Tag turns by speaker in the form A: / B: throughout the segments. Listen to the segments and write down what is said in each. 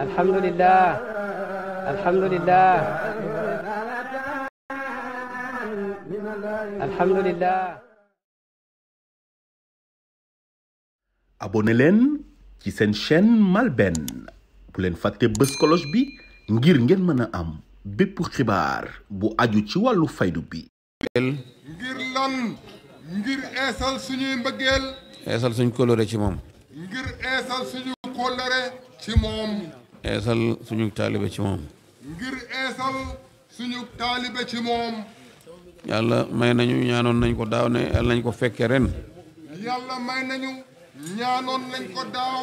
A: alhamdulilah alhamdulilah alhamdulilah.
B: abonné leen ci seen chen malben bu leen fàtte bës cloche bi ngir ngeen mën a am bépp xibaar bu aju ci wàllu faydu bi. ngir
A: lan ngir eesal suñuy mbëggeel.
B: eesal suñ kóllëre ci moom.
A: ngir eesal suñu kóllëre ci moom.
B: eesal suñu taalibe ci moom.
A: ngir eesal suñu taalibe ci moom.
B: yàlla may nañu ñaanoon nañ ko daaw ne yàlla ko fekke ren.
A: yàlla may nañu ñaanoon nañ ko daaw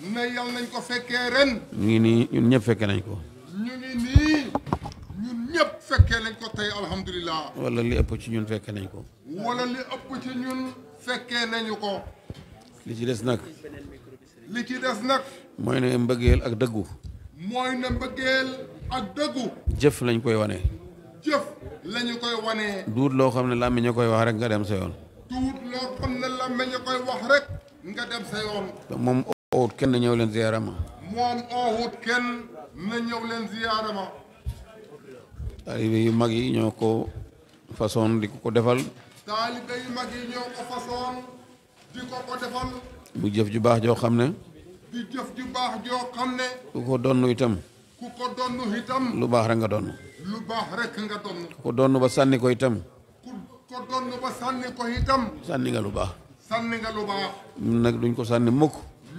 A: ne yàlla nañ ko fekkee ren.
B: ñu ngi nii ñun ñëpp fekke nañ ko.
A: ñu ngi nii ñun ñëpp fekkee nañ ko tey alhamdulilah.
B: wala li ëpp ci ñun fekkee nañ ko.
A: wala li ëpp ci ñun fekkee nañu ko. li ci des nag. li ci des nag.
B: mooy ne mbëggeel ak dëggu.
A: mooy ne mbëggeel ak dëggu.
B: jëf lañ koy wane.
A: jëf lañu koy wane.
B: duut loo xam ne làmmiñ a koy wax rek nga dem sa yoon. duut loo xam kenn ñëw leen ziyaara ma.
A: moom oowut kenn ñëw leen ziyaara ma.
B: yu mag yi ñoo ko façon di ko defal. taalibe yu mag yi ñoo ko
A: façon. di ko ko defal.
B: bu jëf ju baax joo xam ne.
A: di jëf ju baax joo xam
B: ne. ku ko donnu itam.
A: ku ko donnu itam. lu
B: baax rek nga donnu.
A: lu baax rek
B: nga donnu. ku ko donnu ba sànni ko itam.
A: ku ko donnu ba sànni ko itam.
B: sànni nga lu baax.
A: sànni nga lu baax.
B: ñun nag duñ ko sànni mukk.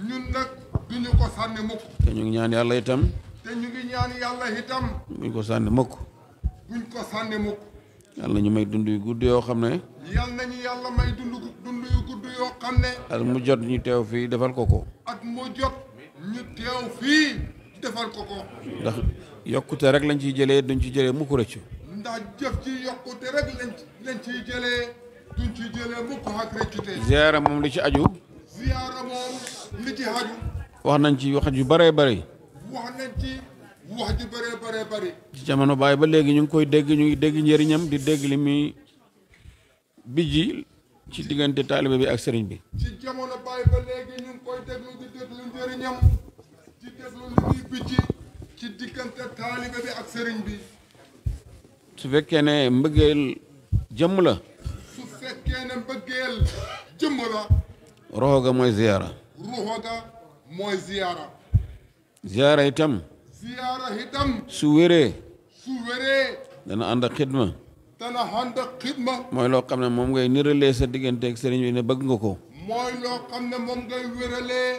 A: ñun nag duñu ko sànni mukk.
B: te ñu ngi ñaan yàlla itam.
A: te ñu ngi ñaan yàlla itam.
B: buñ ko sànni mukk.
A: buñ ko sànni mukk.
B: yàlla ñu may dund yu gudd yoo xam ne.
A: yàlla may dund yu gudd yoo
B: xam ne. ak mu jot ñu teew fii defal ko ko.
A: ak mu jot ñu teew fii defal ko ko. ndax
B: yokkute rek lañ ciy jëlee duñ ci jële mukk rëccu. ndax jëf ci yokkute rek lañ lañ ciy duñ ci jëlee mukk ak rëccute. ziyaara moom li ci aju. ziyaara moom li ci aju. wax nañ ci wax ju bëree bëri. wax nañ ci. wax ju bëree bëree bëri. ci jamono baay ba léegi ñu ngi koy dégg ñu ngi dégg njariñam di dégg li muy bijji ci diggante taalibe bi ak sëriñ bi. su fekkee ne mbëggeel jëmm la.
A: su fekkee ne mbëggeel jëmm la.
B: roxo ga mooy ziyaara.
A: roxo ga mooy ziyaara.
B: ziyaara itam.
A: ziyaara itam su wéree su wéree
B: dana ànd ak xidma
A: dana ànd ak xidma
B: mooy loo xam ne moom ngay nëralee sa diggante sëriñ bi ne bëgg nga ko moom ngay wéralee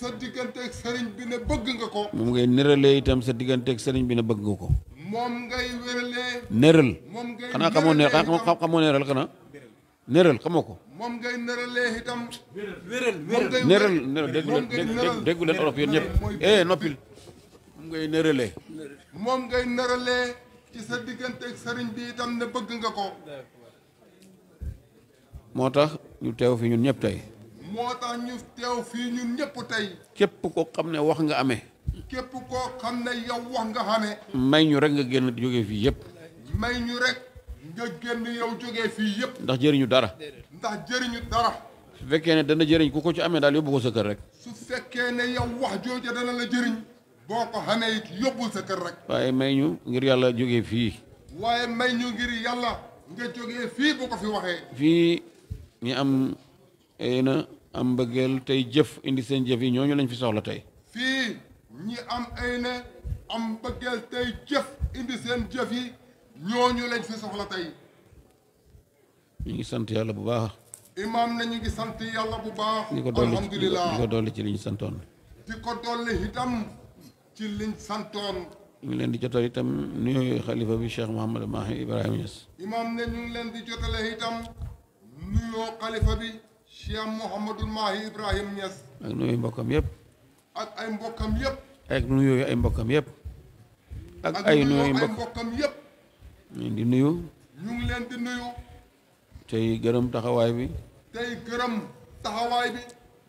B: sa digganteeg sëriñ ne bëgg nga ko moom ngay nëralee itam sa digganteek sëriñ bi na bëgg nga ko moom
A: ngay wéralee nëral
B: moom ngay xanaa xamoo ne xanaa nëral xamoo ko moom ngay nëralee itam wéral wéral nëral déggu leen eh, noppil ngay nëralee.
A: moom ngay nëralee ci sa diggante ak sëriñ bii itam ne bëgg nga ko.
B: moo tax ñu teew fi ñun ñëpp tey.
A: moo tax ñu teew fii ñun ñëpp tey.
B: képp koo xam ne wax nga ame
A: képp koo xam ne yow wax nga xamee.
B: may ñu rek nga génn jóge fii yëpp.
A: may ñu rek nga génn yow jógee fii yëpp.
B: ndax jëriñu dara.
A: ndax jëriñu dara.
B: su fekkee ne dana jëriñ ku ko ci amee daal yóbbu ko sa kër rek.
A: su fekkee ne yow wax jooja dana la jëriñ. boo ko xamee it yóbbul sa kër rek.
B: waaye may ñu ngir yàlla jóge fii.
A: waaye may ñu ngir yàlla nga jógee fii bu ko fi waxee.
B: fii ñi am na am mbëggeel tey jëf indi seen jëf yi ñooñu lañ fi soxla tey. fii
A: ñi am ay am mbëggeel tey jëf yi ñooñu lañ fi soxla tey.
B: ñu ngi sant yàlla bu baax.
A: imaam na ñu ngi sant yàlla bu baax. alhamdulilah di ko
B: dolli ci liñ ñu santoon.
A: di ko dolli itam. ci liñ santoon.
B: ñu leen di jotal itam nuyoo xalifa bi Cheikh Mouhamadou Mahi Ibrahima Niass. imaam ne ñu ngi leen di jotale itam
A: nuyoo xalifa bi Cheikh Mouhamadou Mahi Ibrahima Niass.
B: ak nuyoo mbokkam yëpp.
A: ak ay mbokkam yëpp.
B: ak ay mbokkam yëpp. ak ay nuyoo mbokkam yëpp. ñu nuyu. leen di nuyu. tey gërëm taxawaay bi.
A: tey gërëm taxawaay bi.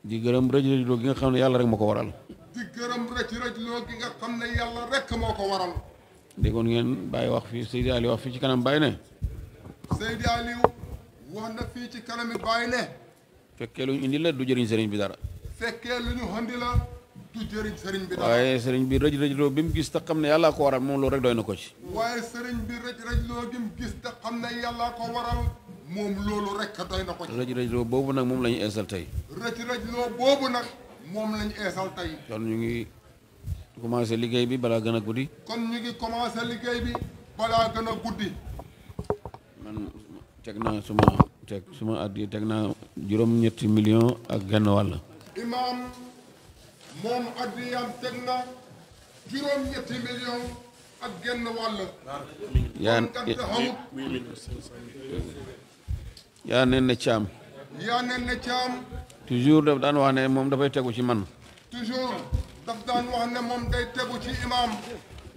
B: di gërëm rëj rëjloo gi nga xam ne yàlla rek ma ko waral.
A: di gërëm rëcc rëcc loo gi nga xam ne yàlla rek moo ko waral.
B: déggoon ngeen Baye wax fii Seydi Aliou wax fii ci kanam Baye ne.
A: Seydi Aliou wax na fii ci kanami Baye ne.
B: fekkee lu ñu indi la du jëriñ sëriñ bi dara.
A: fekkee lu ñu indi la du
B: jëriñ sëriñ bi dara. waaye sëriñ bi rëj rëj loo bi mu gis te xam ne yàllaa ko waral moom loolu rek doy na ko ci. waaye sëriñ bi rëj rëj
A: loo bi mu gis te xam ne yàllaa ko waral. moom loolu rek doy na ko
B: ci. rëj rëj loo boobu nag moom la ñu installé tey.
A: rëj rëj loo boobu nag. moom lañ eesal tey.
B: kon ñu ngi commencé liggéey bi balaa gën a guddi. kon
A: ñu ngi commencé liggéey bi balaa gën a guddi.
B: man teg naa suma teg suma at teg naa juróom-ñetti million ak genn wàll.
A: imaam moom addiyam teg na juróom-ñetti million ak genn wàll. yaa
B: yaa caam.
A: yaa nen caam.
B: toujours daf daan wax moom dafay tegu ci man.
A: toujours daf daan wax moom day tegu imam.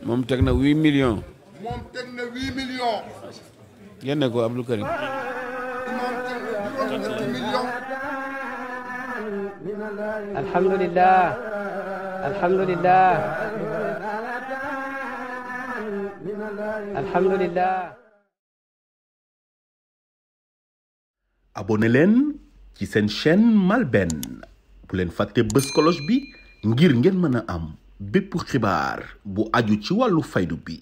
B: moom teg na huit millions.
A: moom teg na
B: huit ci seen chaîne malben bu leen fàtte bës cloche bi ngir ngeen mën a am bépp xibaar bu aju ci wàllu faydu bi